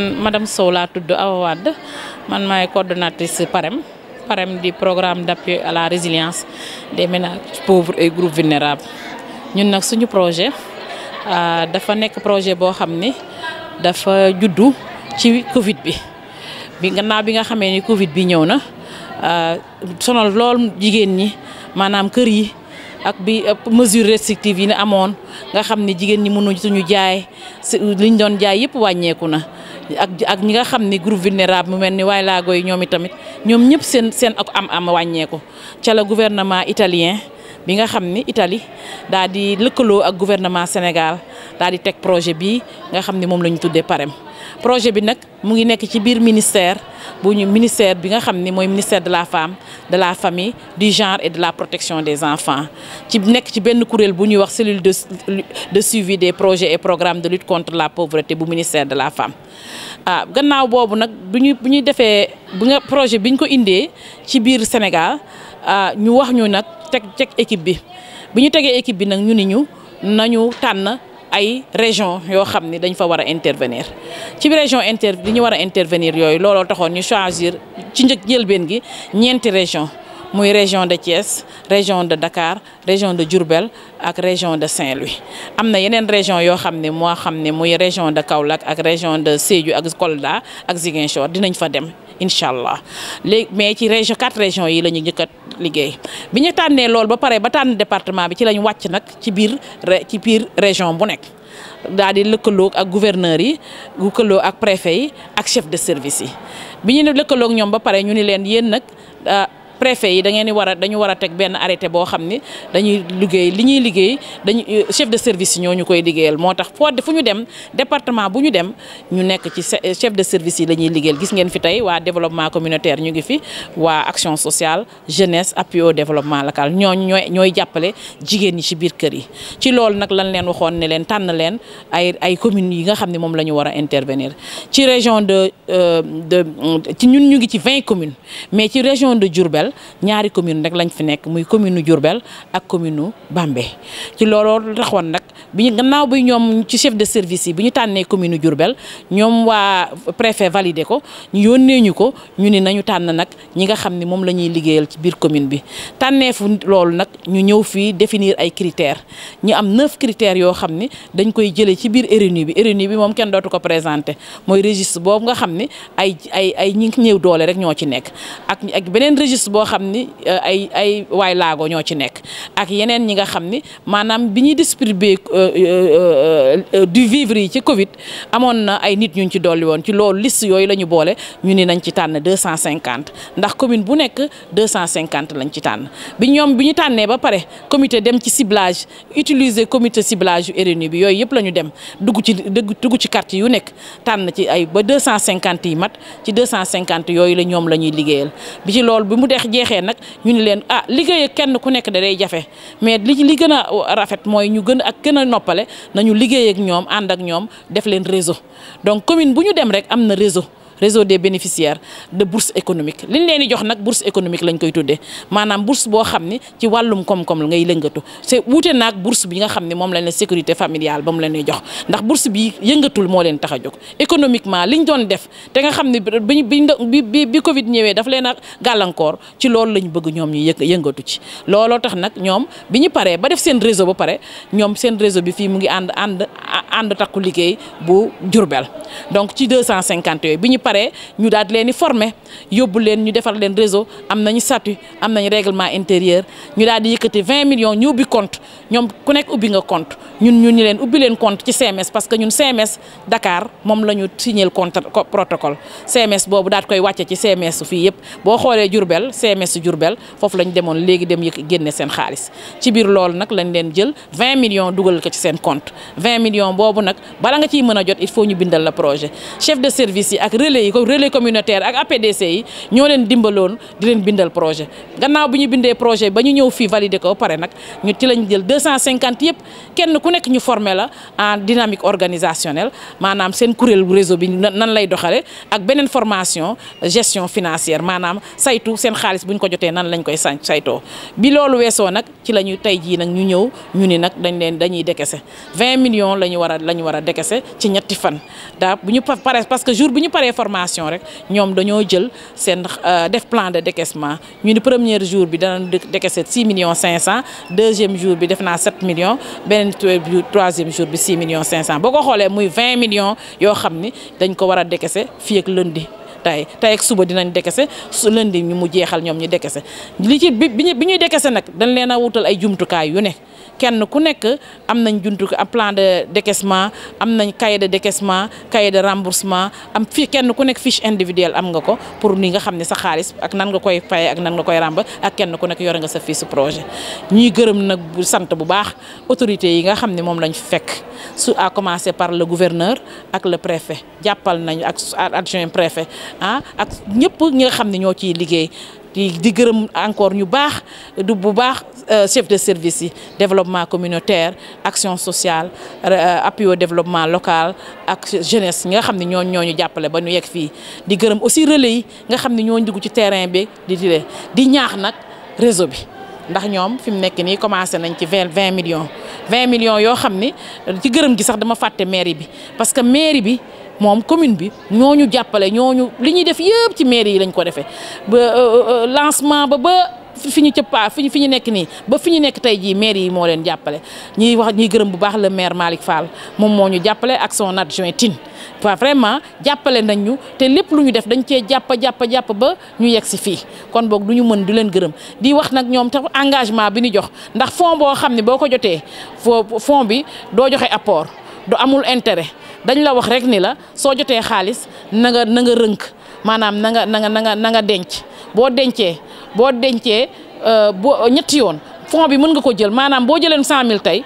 madame Sow laa tudd Awa Wade man maay coordonnatrice PAREM PAREM di programme d'appui à la résilience des ménages pauvres et groupes vulnérables ñun nag suñu projet euh, dafa nekk projet boo xam ni dafa juddu ci Covid bi bi gannaaw bi nga xamee ni Covid bi ñëw na euh, solo lool jigéen ñi maanaam kër yi ak bi euh, mesure restrictive yi ne amoon nga xam ni jigéen ñi mënuñu suñu jaay liñ doon jaay yëpp wàññeeku na. ak ak ñi nga xam ni groupe vulnérable mu mel ni waay laago yi ñoomi tamit ñoom ñëpp seen seen ak am-am wàññeeku ca la gouvernement italien bi nga xam ni Italie daal di lëkkaloo ak gouvernement Sénégal daal di teg projet bii nga xam ni moom la ñu tuddee PAREM. projet bi nag mu ngi nekk ci biir ministère bu ñu ministère bi nga xam ni mooy ministère de la femme de la famille du genre et de la protection des enfants ci nekk ci benn kuréel bu ñuy wax cellule de de suivi des projet et programme de lutte contre la pauvreté bu ministère de la femme ah gannaaw boobu nag bu ñu bu ñuy defee bu nga projet bi ñu ko indee ci biir Sénégal ah, ñu wax ñu nag teg teg équipe bi bi ñu tegee équipe bi nag ñu ni ñu nañu tànn ay région yoo xam ni dañ fa war a intervenir ci région inter li ñu war a intervenir yooyu looloo taxoon ñu choisir ci njëg njëlbeen gi ñeenti région muy région de Thiès région de Dakar région de Diourbel ak région de Saint-Louis am na yeneen région yoo xam ne moo xam ne muy région de Kaolack ak région de Sédhiou ak Kolda ak Ziguinchor dinañ fa dem incha allah léegi mais ci région quatre régions yi la ñu njëkk liggéey bi ñu tànnee lool ba pare ba tànn département bi ci lañu wàcc nag ci biir ci biir région bu nekk daal di lëkkaloo ak gouverneur yi lëkkaloo ak préfet yi ak chef de service yi bi ñu ne lëkkaloo ak préfet yi da ngeen di war a dañu war a teg benn arrêté boo xam ni dañuy liggéey li ñuy liggéey dañu euh, chef de service yi ñoo ñu koy liggéeyal moo tax foo fu ñu dem département bu ñu dem ñu nekk ci euh, chef de service yi la ñuy liggéeyal gis ngeen fi tey waa développement communautaire ñu ngi fi waa action sociale jeunesse appui au développement local ñoo ñooy ñooy jàppale jigéen ñi ci biir kër yi ci loolu nag lañ leen waxoon ne leen tànn leen ay ay communes yi nga xam ne moom la ñu war a intervenir ci région de euh, de ci ñun ñu ngi ci vingt communes mais ci région de Diourbel Sénégal ñaari commune rek lañ fi nekk muy commune nu ak commune bambe ci looloo taxoon nag bi ñu gannaaw bi ñoom ci chef de service yi bi ñu tànnee commune nu ñoom waa préfet validé ko ñu yónnee ñu ko ñu ni nañu tànn nag ñi nga xam ne moom la ñuy liggéeyal ci biir commune bi tànnee fu loolu nag ñu ñëw fii définir ay critères ñu am neuf critères yoo xam ni dañ koy jëlee ci biir RNU bi RNU bi moom kenn dootu ko présenté mooy registre boobu nga xam ne ay ay ay ñi doole rek ñoo ci nekk boo xam ni euh, ay ay waay laago ñoo ci nekk ak yeneen ñi nga xam ni maanaam bi ñuy distribuer euh, euh, du vivre yi ci Covid amoon na ay nit ñu ci dolli woon ci loolu list yooyu la ñu boole ñu ni nañ ci tànn deux cent cinquante ndax commune bu nekk deux cent cinquante lañ ci tànn bi ñoom bi ñu tànnee ba pare comité dem ci ciblage utiliser comité ciblage yu RNU bi yooyu yëpp la ñu dem dugg ci dugg ci quartier yu nekk tànn ci ay ba deux cent cinquante yi mat ci deux cent cinquante yooyu la ñoom la ñuy liggéeyal bi ci loolu bi mu dee jeexee nag ñu ni leen ah liggéey kenn ku nekk da day jafe mais li li gën a rafet mooy ñu gën ak gën a noppale nañu liggéey ak ñoom ànd ak ñoom def leen réseau donc commune bu ñu dem rek am na réseau réseau des bénéficiaires de bourse économique li ñu leen jox nag bourse économique lañ koy tuddee maanaam bourse boo xam ni ci wàllum koom-koom ngay lëngatu te wuute naag bourse bi nga xam ne moom lañ la sécurité familiale ba mu leen di jox ndax bourse bi yëngatul moo leen tax a jóg économiquement liñ doon def te nga xam ne bi bi bi Covid ñëwee daf leen a gàllankoor ci loolu lañ bëgg ñoom ñu yëngatu ci looloo tax nag ñoom bi ñu paree ba def seen réseau ba pare ñoom seen réseau bi fii mu ngi ànd ànd ànd takku liggéey bu Jurbel donc paree ñu daal di leen di former yóbbu leen ñu defar leen réseau am nañu statut am nañu règlement intérieur ñu daal di yëkkati 20 millions ñu ubbi compte ñoom ku nekk ubbi nga compte ñu ñu leen ubbi leen compte ci que ñun CMS Dakar moom la ñu signé compte boobu daal koy wàcce ci CMS fii yëpp boo xoolee Diourbel CMS Diourbel foofu lañ demoon léegi dem yëkk génne seen xaalis ci biir loolu nag lañ leen jël 20 millions dugal ko ci seen compte 20 millions boobu nag bala nga ciy mën a jot il faut ñu bindal la projet chef de service yi ak relais yi communautaire ak APDC yi ñoo leen dimbaloon di leen bindal projet gannaaw bi ñu bindee projet ba ñu ñëw fi valider ko pare nag ñu ci lañ jël 250 yëpp kenn ku nekk ñu formé la en dynamique organisationnelle maanaam seen kuréel réseau bi nan lay doxale ak beneen formation gestion financière maanaam saytu seen xaalis bu ko jotee nan lañ koy saytoo bi loolu weesoo nag ci la ñu tey jii nag ñu ñëw ñu ni nag dañ leen dañuy décaisser 20 millions la ñu war a la ñu war a décaisser ci ñetti fan parce que jour bi ñu paree information rek ñoom dañoo jël seen euh, def plan de décaissement ñu ni première jour bi dana danañ décaisser 6 cinq cent deuxième jour bi def naa 7 million beneen troisième jour bi million cinq cent boo ko xoolee muy 20 millions yoo xam ni dañ ko war a décaisser fii ak lundi. tay tay ak suba dinañ dekese su lëndi ñu mu jeexal ñoom ñu dekese li ci bi bi ñuy dekese nag dañ leen a wutal ay jumtukaay yu ne kenn ku nekk am nañ juntu am plan de décaissement am nañ cahier de décaissement cahier de remboursement am fi kenn ku nekk fiche individuelle am nga ko pour ni nga xam ne sa xaalis ak nan nga koy faye ak nan nga koy ràmba ak kenn ku nekk yore nga sa su projet ñuy gërëm nag bu sant bu baax autorité yi nga xam ne moom lañ fekk su à commencer par le gouverneur ak le préfet jàppal nañ ak adjoint préfet ah ak ñëpp ñi xam ne ñoo ciy liggéey di gërëm encore ñu baax bu baax Euh, chef de service yi développement communautaire action sociale euh, appui au développement local ak jeunesse nga xam ne ñooñu ñoo ñu jàppale ba nu yegg fii di gërëm aussi relais yi nga xam ne ñooñu dugg ci terrain bi di dire di ñaax nag réseau bi ndax ñoom fi mu nekk nii commencé nañ ci vingt vingt millions vingt millions yoo xam ni ci gërëm gi sax dama fàtte mairie bi parce que mairie bi moom commune bi ñooñu jàppale ñooñu li ñuy def yëpp ci mairie yi lañ ko defee euh, fi ñu cëppaa fi ñu fi ñu nekk nii ba fi ñu nekk tey jii maire yi moo leen jàppale ñuy wax ñuy gërëm bu baax la maire Malick faal moom moo ñu jàppale ak son adjoint Tine waaw vraiment jàppale nañ ñu te lépp lu ñu def dañ cee jàpp jàpp jàpp ba ñu yegg si fii kon boog du ñu mën du leen gërëm di wax nag ñoom tax engagement bi ñu jox ndax fond boo xam ne boo ko jotee foo fond bi doo joxe apport du amul intérêt dañ la wax rek ni la soo jotee xaalis na nga na nga rënk maanaam na nga na nga na nga denc boo dencee boo dencee euh, boo ñetti yoon fonds bi mën nga ko jël maanaam boo jëleen 100000 tey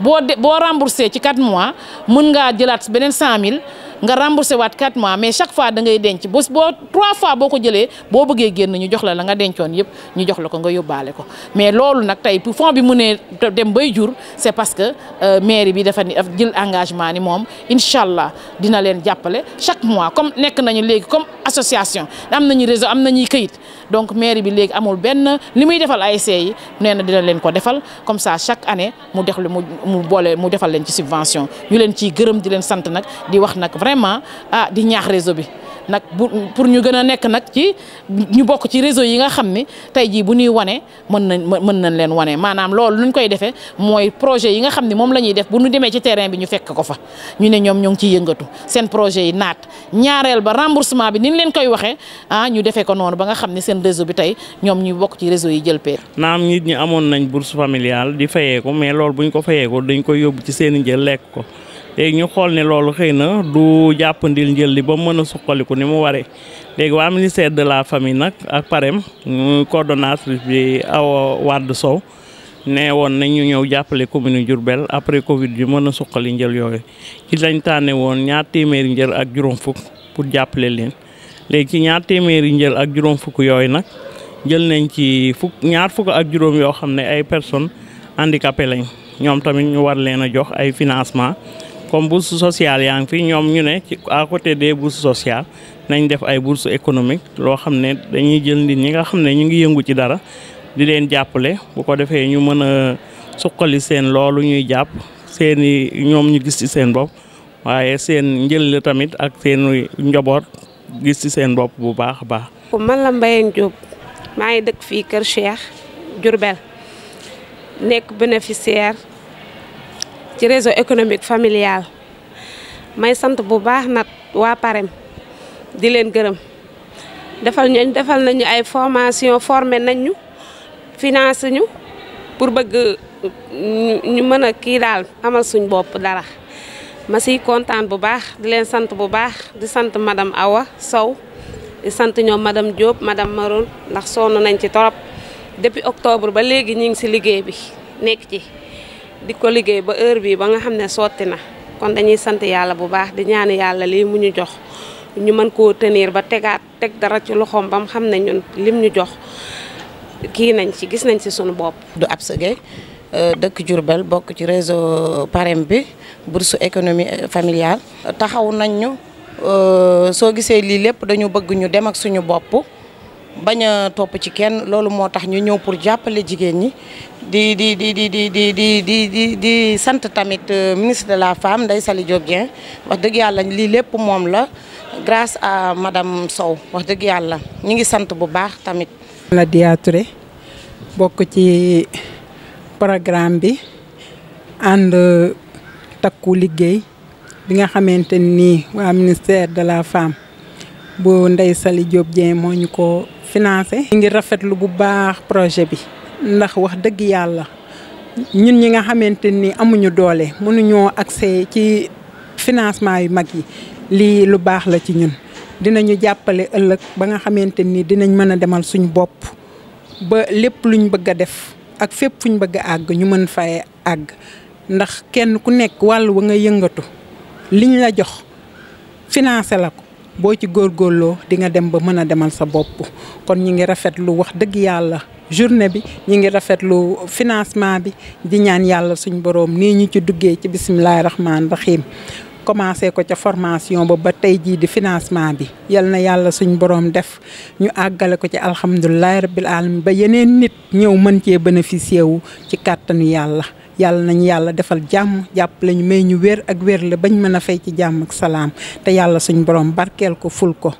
boo de boo remboursé ci 4 mois mun ngaa jëlaat beneen 100000. nga remboursé waat 4 mois mais chaque fois dangay denc bés boo 3 fois boo ko jëlee boo bëggee génn ñu jox la nga dencoon yëpp ñu jox la ko nga yóbbaale ko mais loolu nag tey fond bi mu ne dem bay jur c'est parce que euh, mairie bi dafa ni daf jël engagement ni moom incha allah dina leen jàppale chaque mois comme nekk nañu léegi comme association am nañu réseau am nañuy këyit donc mairie bi léegi amul benn li muy defal ASC yi nee na dina leen ko defal comme ça chaque année mu def lu mu mu boole mu defal leen ci subvention ñu leen ciy gërëm di leen sant nag di wax nag vraiment ah di ñaax réseau bi nag pour ñu gën a nekk nag ci ñu bokk ci réseau yi nga xam ni tey jii bu nuy wanee mën nañ mën nañ leen wane maanaam lool loolu ñu koy defee mooy projet yi nga xam ne moom la ñuy def bu nu demee ci terrain bi ñu fekk ko fa ñu ne ñoom ñoo ngi ciy yëngatu seen projet yi naat ñaareel ba remboursement bi ni ñu leen koy waxee ah ñu defee ko noonu ba nga xam ne seen réseau bi tey ñoom ñu bokk ci réseau yi jël pee naam nit ñi amoon nañ bourse familiale di fayee ko mais loolu buñ ko fayee dañ koy yóbbu ci seen i lekk ko léegi ñu xool ne loolu xëy na du jàppandil njël li ba mën a suqaliku ni mu waree léegi waa ministère de la famille nag ak parem ñu euh, coordonnatrice bi Awa Wade Sow nee woon nañ ñu ñëw jàppale commune Diourbel après Covid bi mën a suqali njël yooyu ci lañ tànne woon ñaar téeméeri njël ak juróom fukk pour jàppale leen léegi ci ñaar téeméeri njël ak juróom fukk yooyu nag jël nañ ci fukk ñaar fukk ak juróom yoo xam ne ay personnes handicapées lañ ñoom tamit ñu war leen a jox ay financement comme bourse sociale yaa ngi fi ñoom ñu ne ci à côté des bourses sociales nañ def ay bourse économique loo xam ne dañuy jël nit ñi nga xam ne ñu ngi yëngu ci dara di leen jàppale bu ko defee ñu mën a suqali seen loolu ñuy jàpp seen i ñoom ñu gis ci seen bopp waaye seen njël tamit ak seen njaboot gis ci seen bopp bu baax a baax. man la Mbayang Diop maa ngi dëkk fii Kër Cheikh Diourbel nekk bénéficiaire. ci réseau économique familial may sant bu baax nag waa Parem di leen gërëm defal ñu defal nañu ay formation formé nañu finance financé ñu pour bëgg ñu mën a kii daal amal suñ bopp dara ma siy kontaan bu baax di leen sant bu baax di sant madame Awa Sow di sant ñoom madame Diop madame Maroon ndax sonn nañ ci torop depuis octobre ba léegi ñu ngi si liggéey bi nekk ci di ko liggéey ba heure bii ba nga xam ne sotti na kon dañuy sant yàlla bu baax di ñaan yàlla lii mu ñu jox ñu mën koo tenir ba tegaat teg dara ci loxoom ba xam ne ñun lim ñu jox kii nañ ci gis nañ ci suñu bopp. du ab sëgee euh, dëkk Diourbel bokk ci réseau Parem bi bourse économie familiale taxaw nañ ñu euh, soo gisee lii lépp dañu bëgg ñu dem ak suñu bopp. bañ a topp ci kenn loolu moo tax ñu ñëw pour jàppale jigéen ñi di di di di di di di di di di sant tamit euh, ministre de la femme Ndeye sali Diop wax dëgg yàlla lii lépp moom la grâce à madame Sow wax dëgg yàlla ñu ngi sant bu baax tamit. la Dia bokk ci programme bi ànd takku liggéey bi nga xamante ni waa ministère de la femme bu Ndeye Saly Diop moo ñu ko. financé. ngir ngi rafetlu bu baax projet bi ndax wax dëgg yàlla ñun ñi nga xamante ni amuñu doole mënuñoo accès ci financement yu mag yi lii lu baax la ci ñun dinañu jàppale ëllëg ba nga xamante ni dinañ mën a demal suñu bopp ba lépp luñ bëgg a def ak fépp fuñ bëgg a àgg ñu mën fay àgg ndax kenn ku nekk wàll wa nga yëngatu liñ la jox financé la ko. boo ci góorgóorloo di nga dem ba mën a demal sa bopp kon ñu ngi rafetlu wax dëgg yàlla journée bi ñu ngi rafetlu financement bi di ñaan yàlla suñu boroom nii ñu ci duggee ci bisimilahi rahmaani rahim commencé ko ca formation ba ba tey jii di financement bi yal na yàlla suñu boroom def ñu àggale ko ci alhamdulilahi rabbil alamin ba yeneen nit ñëw mën cee bénéficier wu ci kàttanu yàlla yàlla nañu yàlla defal jàmm jàpp lañu may ñu wér ak wér la bañ mën a fay ci jàmm ak salaam te yàlla suñ borom barkeel ko ful ko